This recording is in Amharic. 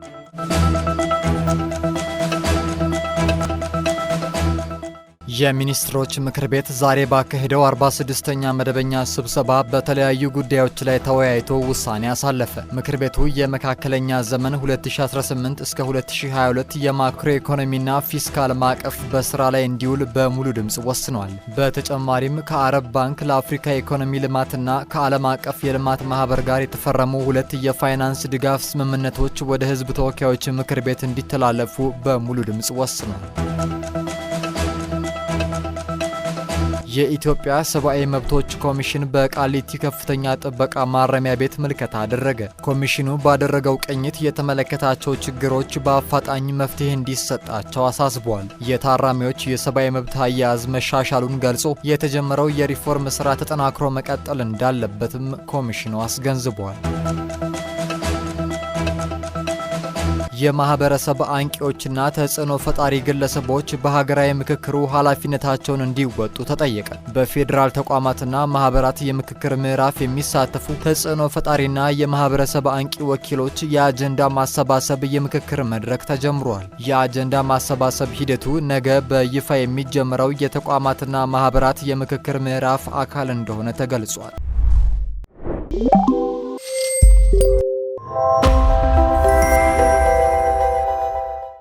Thank you. የሚኒስትሮች ምክር ቤት ዛሬ ባካሄደው 46ኛ መደበኛ ስብሰባ በተለያዩ ጉዳዮች ላይ ተወያይቶ ውሳኔ አሳለፈ። ምክር ቤቱ የመካከለኛ ዘመን 2018 እስከ 2022 የማክሮ ኢኮኖሚና ፊስካል ማዕቀፍ በስራ ላይ እንዲውል በሙሉ ድምፅ ወስኗል። በተጨማሪም ከአረብ ባንክ ለአፍሪካ ኢኮኖሚ ልማትና ከዓለም አቀፍ የልማት ማህበር ጋር የተፈረሙ ሁለት የፋይናንስ ድጋፍ ስምምነቶች ወደ ህዝብ ተወካዮች ምክር ቤት እንዲተላለፉ በሙሉ ድምፅ ወስኗል። የኢትዮጵያ ሰብአዊ መብቶች ኮሚሽን በቃሊቲ ከፍተኛ ጥበቃ ማረሚያ ቤት ምልከታ አደረገ። ኮሚሽኑ ባደረገው ቅኝት የተመለከታቸው ችግሮች በአፋጣኝ መፍትሄ እንዲሰጣቸው አሳስቧል። የታራሚዎች የሰብአዊ መብት አያያዝ መሻሻሉን ገልጾ የተጀመረው የሪፎርም ስራ ተጠናክሮ መቀጠል እንዳለበትም ኮሚሽኑ አስገንዝቧል። የማህበረሰብ አንቂዎችና ተጽዕኖ ፈጣሪ ግለሰቦች በሀገራዊ ምክክሩ ኃላፊነታቸውን እንዲወጡ ተጠየቀ። በፌዴራል ተቋማትና ማህበራት የምክክር ምዕራፍ የሚሳተፉ ተጽዕኖ ፈጣሪና የማህበረሰብ አንቂ ወኪሎች የአጀንዳ ማሰባሰብ የምክክር መድረክ ተጀምሯል። የአጀንዳ ማሰባሰብ ሂደቱ ነገ በይፋ የሚጀምረው የተቋማትና ማህበራት የምክክር ምዕራፍ አካል እንደሆነ ተገልጿል።